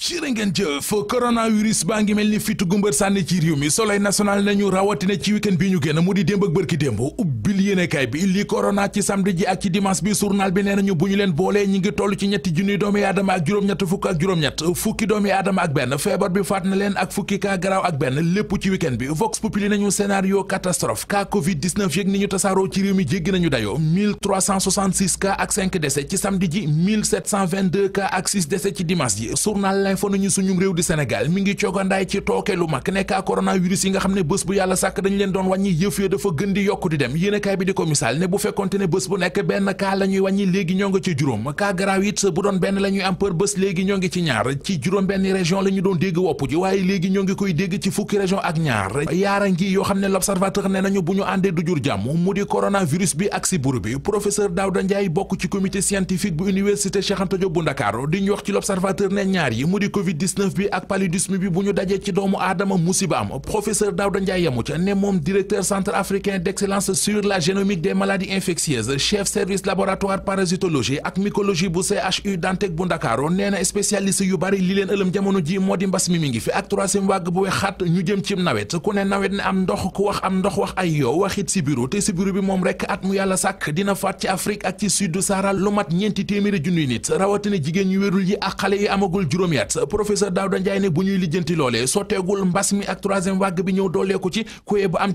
cirë ngeen jëf coronavirus baa ngi mel ni fitu gumbar sànni ci réew mi soleil national nañu rawatina ci week-end bi ñu génn mu di démb ak bërki démb ubbil yéenekaay bi li corona ci samedi ji ak ci dimanche bi journal bi nee nañu bu ñu leen boolee ñi ngi toll ci ñetti junniy doomi aadama ak juróom-ñett fukk ak juróom-ñett fukki doomi aadama ak benn feebar bi faat leen ak fukki cas garaaw ak benn lépp ci week bi Vox Populi nañu scénario catastrophe cas covid 19 yëg ni ñu tasaaroo ci réew mi jéggi nañu dayo 1366 cas ak 5 décès ci samedi ji 1722 cas ak 6 décès ci dimanche ji journal l'info nañu suñum réew di Sénégal mi ngi cogandaay ci tooke lu mag ne cas coronavirus yi nga xam ne bés bu yàlla sàkk dañu leen doon wàññi yëf ya dafa gën di yokku di yéenekaay bi di ko misaal ne bu fekkonte ne bés bu nekk benn kaa la ñuy wàññi léegi ñoo ngi ci juróom kaa garaaw it bu doon benn la am par bés léegi ñoo ngi ci ñaar ci juróom benn région la ñu doon dégg wopp ji waaye léegi ñoo ngi koy dégg ci fukki région ak ñaar yaara ngi yoo xam ne l'observateur ne nañu bu ñu àndee du jur jàmm mu di coronavirus bi ak si buru bi professeur Daouda Ndiaye bokk ci comité scientifique bu université Cheikh Anta Diop bu Ndakaaru di ñu wax ci l'observateur ne ñaar yi mu di covid 19 bi ak paludisme bi bu ñu dajee ci moom directeur centre africain d'excellence sur la génomique des maladies infectieuses chef service laboratoire parasitologie ak mycologie bu CHU Dantec bu Ndakaaru nee na yu bari li leen ëlëm jamono ji moo di mbas mi mi ngi fi ak troisième vague bu wexaat ñu jëm ci nawet ku ne nawet ne am ndox ku wax am ndox wax ay yow waxit sibiru te sibiru bi moom rek at mu yàlla sàkk dina faat ci Afrique ak ci sud du Sahara lu mat ñeenti téeméeri junniy nit rawatina jigéen ñu wérul yi ak xale yi amagul juróomi at professeur Daouda Ndiaye ne bu ñuy lijjanti loolee sotteegul mbas mi ak troisième bi ñëw dooleeku ci kuyee bu am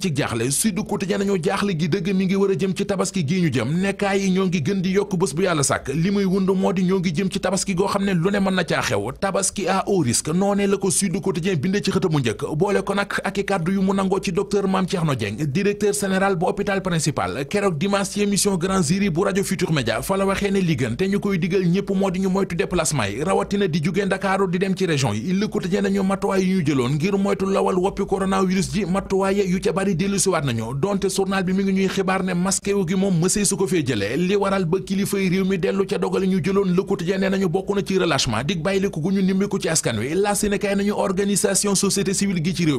dëgg-dëgg mi ngi war a jëm ci tabaski gii jëm nekkaay yi ñoo ngi gën di yokk bés bu yàlla sàkk li muy wund moo di ñoo ngi jëm ci tabaski goo xam ne lu ne mën na caa xew tabaski à haut risque noonee la ko Sud Quotidien binde ci xëtamu njëkk boole ko nag ak i kàddu yu mu nangoo ci docteur Mame Thierno Dieng directeur général bu hôpital principal keroog dimanche ci émission Grand Jury bu rajo Futur Média fa la waxee ne li gën te ñu koy digal ñëpp moo di ñu moytu déplacement yi rawatina di jugee Ndakaaru di dem ci région yi Le Quotidien nañu matuwaay yu ñu jëloon ngir moytu lawal woppi coronavirus ji matuwaay yu ca bari dellusiwaat nañu donte journal bi mi lii xibaar ne masqué wu gi moom mësee su ko fee jëlee li waral ba kilifay réew mi dellu ca dogal ñu jëloon Le Quotidien nee nañu bokk na ci relâchement dig bàyyiliku gu nañu organisation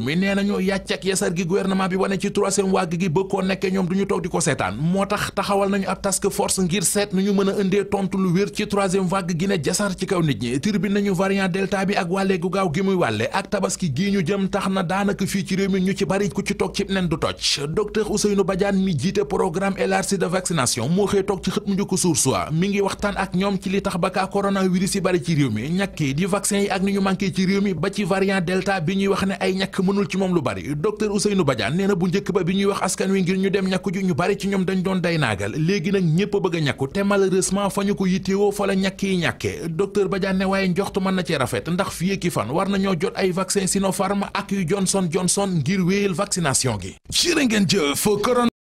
mi nee nañu yasar gi gouvernement bi wane ci troisième gi bëgg koo nekkee ñoom du ñu toog di ko seetaan moo tax taxawal nañu ab task force ngir seet nu ñu mën indee tontu lu wér ci troisième gi ne jasar ci kaw nit ñi tribune nañu variant delta bi ak wàllee gu gaaw gi muy wàlle ak tabaski gii ñu jëm tax na daanaka fii ci réew jiite programme élargi de vaccination moo xëy toog ci xët mu njëkk suur soi ngi waxtaan ak ñoom ci li tax ba kaa coronavirus yi bari ci réew mi ñàkk yi di vaccin yi ak ni ñu manqué ci réew mi ba ci variant delta bi ñuy wax ne ay ñàkk mënul ci moom lu bari docteur Ousseynou Badiane nee na bu njëkk ba bi ñuy wax askan wi ngir ñu dem ñàkku ju ñu bari ci ñoom dañ doon day naagal léegi nag ñëpp bëgg a ñàkku te malheureusement fa ñu ko yittewoo fa la ñàkk yi ñàkkee ne waaye njoxtu mën na cee rafet ndax fii ki fan war nañoo jot ay vaccin Sinopharm ak yu Johnson Johnson ngir wéyal vaccination gi jërë ngeen jëf